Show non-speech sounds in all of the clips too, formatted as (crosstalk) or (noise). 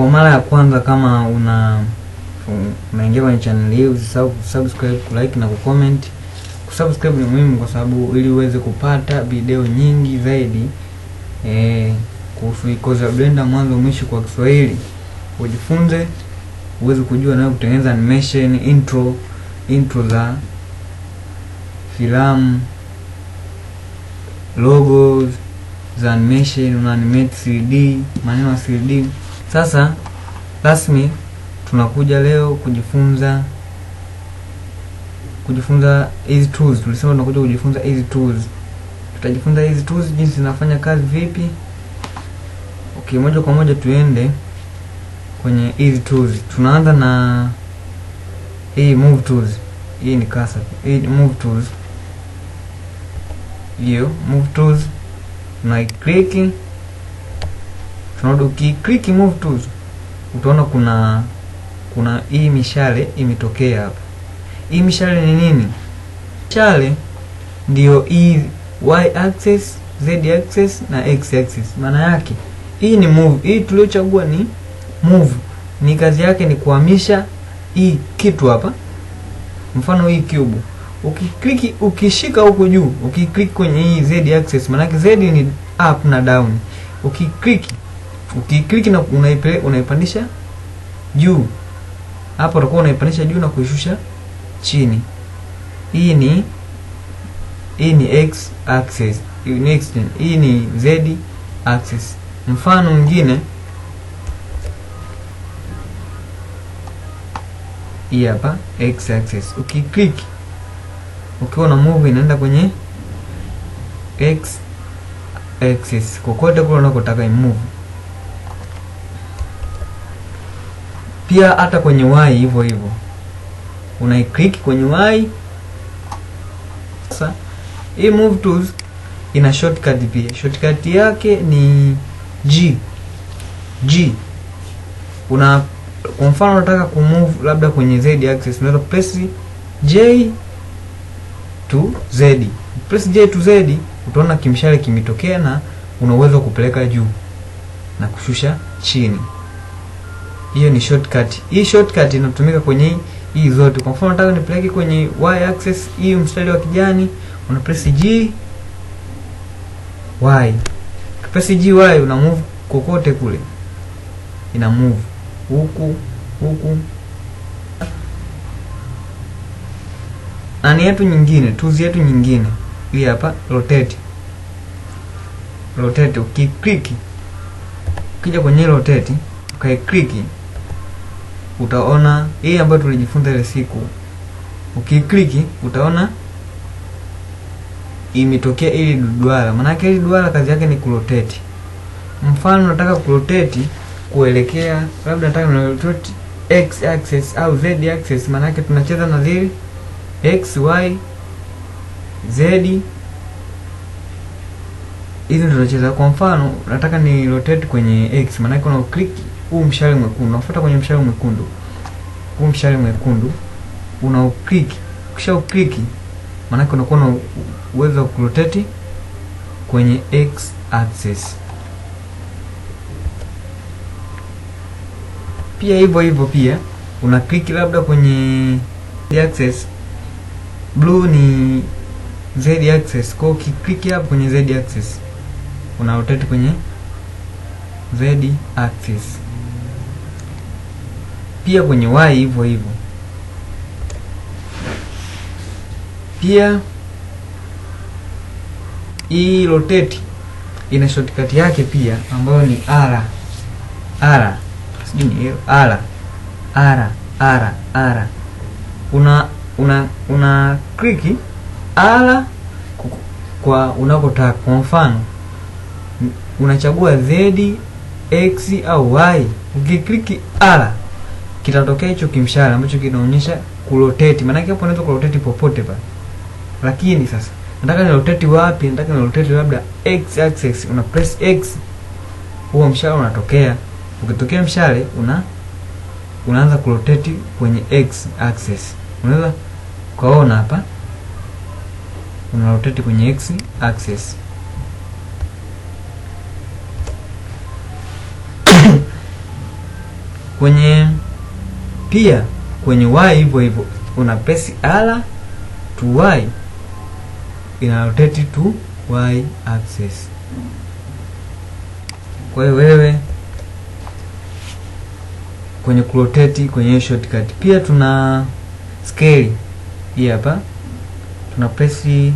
kwa mara ya kwanza, kama una unaingia kwenye channel hii, usisahau kusubscribe, kulike na kucomment. Kusubscribe ni muhimu kwa sababu ili uweze kupata video nyingi zaidi eh, kuhusu Ikoza Blender mwanzo mwisho kwa Kiswahili, ujifunze uweze kujua na kutengeneza animation, intro intro za filamu, logos za animation, una animate 3D, maneno ya 3D sasa rasmi tunakuja leo kujifunza kujifunza hizi tools. Tulisema tunakuja kujifunza hizi tools, tutajifunza hizi tools jinsi zinafanya kazi vipi. Okay, moja kwa moja tuende kwenye hizi tools. Tunaanza na hii move tools. Hii ni cursor, hii move tools, hiyo move tools na click tunaona ukiclick move tools utaona kuna kuna hii mishale imetokea hapa. Hii mishale ni nini? Mishale ndiyo hii y axis, z axis na x axis. Maana yake hii ni move, hii tuliochagua ni move, ni kazi yake ni kuhamisha hii kitu hapa, mfano hii cube. Ukikliki, ukishika huko juu, ukiklik kwenye hii z axis, maana yake z ni up na down, ukiklik ukiklik na unaipe, unaipandisha juu hapo, utakuwa unaipandisha juu na kuishusha chini. Hii ni hii ni x axis, ni hii ni z axis. Mfano mwingine hii hapa x axis, ukiklik ukiwa na move inaenda kwenye x axis kokote kule unakotaka imove. Pia hata kwenye y hivyo hivyo, unaiclick kwenye y. Sasa hii move tools ina shortcut pia, shortcut yake ni G. G una kwa mfano unataka kumove labda kwenye z axis, unaweza press J to Z. Press J to Z, utaona kimshale kimetokea na una uwezo kupeleka juu na kushusha chini hiyo ni shortcut. Hii shortcut inatumika kwenye hii zote. Kwa mfano nataka nipeleke kwenye y axis hii mstari wa kijani, una press G y. Press G y una move kokote kule. Ina move huku huku. Nani yetu nyingine, tuzi yetu nyingine. Hii hapa rotate. Rotate ukiklik. Ukija kwenye rotate, ukaiklik utaona hii ambayo tulijifunza ile siku, ukikliki utaona imetokea ili duara. Maanake ili duara kazi yake ni kuroteti. Mfano nataka kuroteti kuelekea labda, nataka niroteti x axis au z axis, maanake tunacheza na zile x y z, hizi ndio tunacheza. Kwa mfano nataka ni rotate kwenye x, maanake una click huu mshale mwekundu, unafuata kwenye mshale mwekundu, huu mshale mwekundu unaukliki. Ukisha ukliki, maanake unakuwa na uwezo wa kuroteti kwenye x axis. Pia hivyo hivyo, pia una kliki labda kwenye z axis. Blue ni z axis, kwa ukikliki hapo kwenye z axis una rotate kwenye z axis pia kwenye y hivyo hivyo. Pia hii rotate ina shortcut yake pia ambayo ni r r, sijui ni r r r r. Una una una click r kwa unakotaka. Kwa mfano unachagua z, x au y, ukiklik r kitatokea hicho kimshale ambacho kinaonyesha kuroteti Maana yake hapo unaweza kuroteti popote pale, lakini sasa nataka ni roteti wapi? Nataka ni roteti labda x axis, una press x, huo mshale unatokea. Ukitokea mshale una unaanza kuroteti kwenye x axis, unaweza ukaona hapa una roteti kwenye x axis (coughs) kwenye pia kwenye y hivyo hivyo una pesi r to y ina rotate to y axis. Kwa hiyo wewe kwenye kuroteti kwenye shortcut pia tuna scale hii hapa, tuna pesi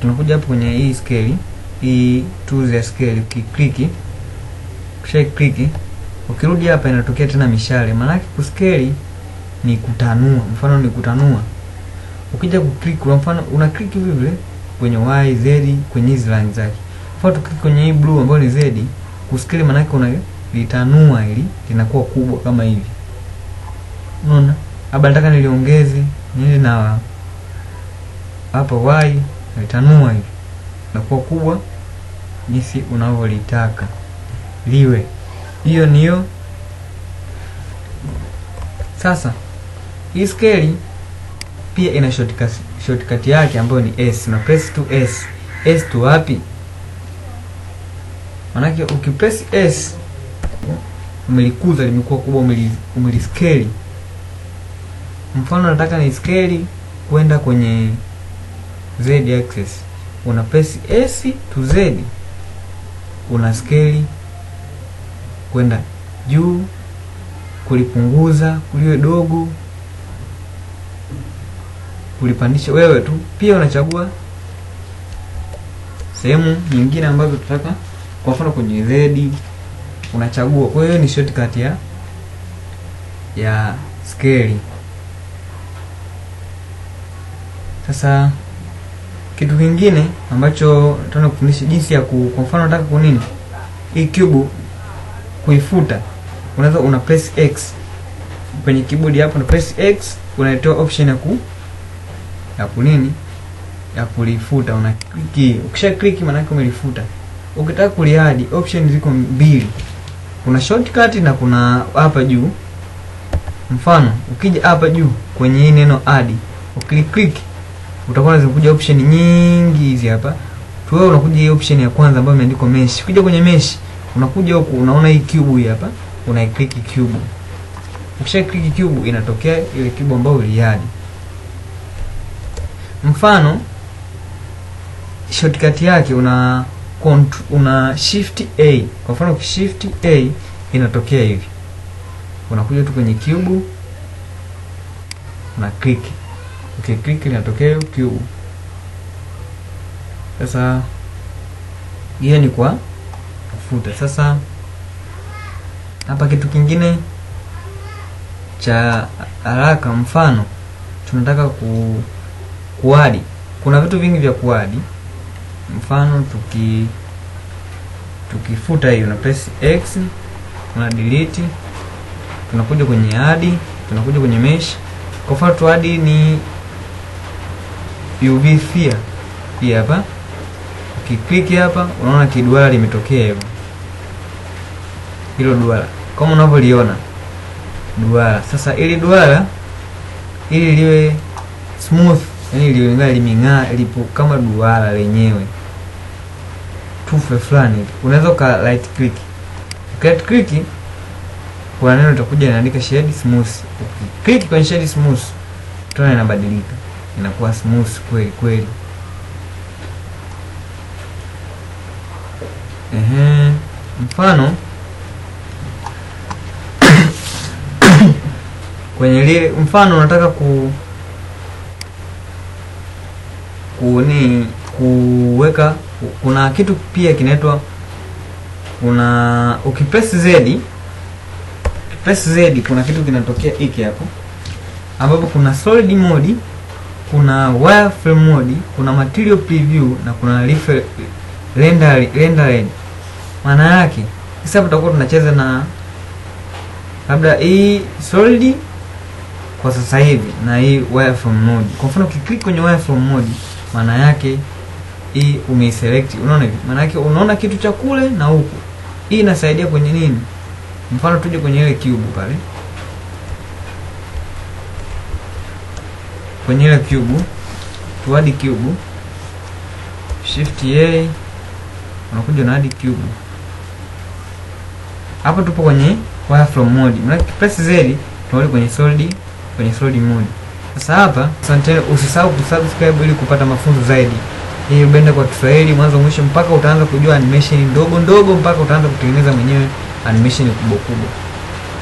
tunakuja hapo kwenye hii scale hii, tools ya scale, ukikliki kisha kliki Ukirudi hapa inatokea tena mishale, maanake kuskeli ni kutanua, mfano ni kutanua. Ukija kuclick kwa mfano, una click hivi vile kwenye y z, kwenye hizi line zake. Mfano tukiclick kwenye hii blue ambayo ni z, kuskeli maana yake litanua ili linakuwa kubwa kama hivi, unaona. Labda nataka niliongeze nini na hapa y litanua hivi, linakuwa kubwa jinsi unavyolitaka liwe hiyo niyo. Sasa hii scale pia ina shortcut, shortcut yake ambayo ni S na press to S. S tu wapi? Manake ukipress S umelikuza limekuwa kubwa, umeliskeli. Mfano nataka ni skeli kwenda kwenye Z axis, una press S to Z, una skeli kwenda juu, kulipunguza, kuliwe dogo, kulipandisha, wewe tu. Pia unachagua sehemu nyingine ambazo tutaka, kwa mfano kwenye red unachagua. Kwa hiyo ni shortcut ya ya scale. Sasa kitu kingine ambacho kufundisha jinsi ya ku, kwa mfano nataka kunini hii cube kuifuta unaweza una press x kwenye keyboard hapo, na press x, unaitoa option ya ku ya kunini ya kulifuta, una click. Ukisha click, maana yake umelifuta. Ukitaka kuliadi, option ziko mbili, kuna shortcut na kuna hapa juu. Mfano, ukija hapa juu kwenye hii neno add, ukiklik click, utakuwa zinakuja option nyingi hizi hapa. tu wewe unakuja hii option ya kwanza ambayo imeandikwa mesh. Ukija kwenye mesh Unakuja huku unaona hii cube hapa, una click cube. Ukisha click cube inatokea ile cube ambayo uliadi. Mfano shortcut yake una una shift A. Kwa mfano shift A inatokea hivi. Unakuja tu kwenye cube una click. Okay, click inatokea cube. Sasa hiyo ni kwa kufuta sasa hapa kitu kingine cha haraka mfano tunataka ku kuadi kuna vitu vingi vya kuadi mfano tuki tukifuta hiyo na press x tuna delete tunakuja kwenye adi tunakuja kwenye mesh kwa mfano tuadi ni UV sphere hapa ukiklik hapa unaona kiduara limetokea hivyo hilo duara kama unavyoliona duara. Sasa ili duara ili liwe smooth, yani liwe liming'aa lipo kama duara lenyewe tufe fulani, unaweza ka right click. Right click kuna neno utakuja inaandika shade smooth. Ukiklik kwenye shade smooth, tona inabadilika inakuwa smooth kweli kweli. Ehe, mfano kwenye lile mfano unataka ku kuni kuweka, kuna kitu pia kinaitwa, kuna ukipesi z, ukipesi z, kuna kitu kinatokea hiki hapo, ambapo kuna solid mode, kuna wireframe mode, kuna material preview na kuna render rendering. Maana yake sasa tutakuwa tunacheza na labda hii solid kwa sasa hivi na hii wireframe mode. Kwa mfano ukiklik kwenye wireframe mode, maana yake hii umeiselect, unaona hivi, maana yake unaona kitu cha kule na huku. Hii inasaidia kwenye nini? Mfano tuje kwenye ile cube pale, kwenye ile cube tuadi cube, shift A unakuja na adi cube. hapo. tupo kwenye wireframe mode, maana press Z tunarudi kwenye solid kwenye slodi moja. Sasa hapa, asante, usisahau kusubscribe ili kupata mafunzo zaidi. Hii ubenda kwa Kiswahili mwanzo mwisho, mpaka utaanza kujua animation ndogo ndogo, mpaka utaanza kutengeneza mwenyewe animation kubwa kubwa.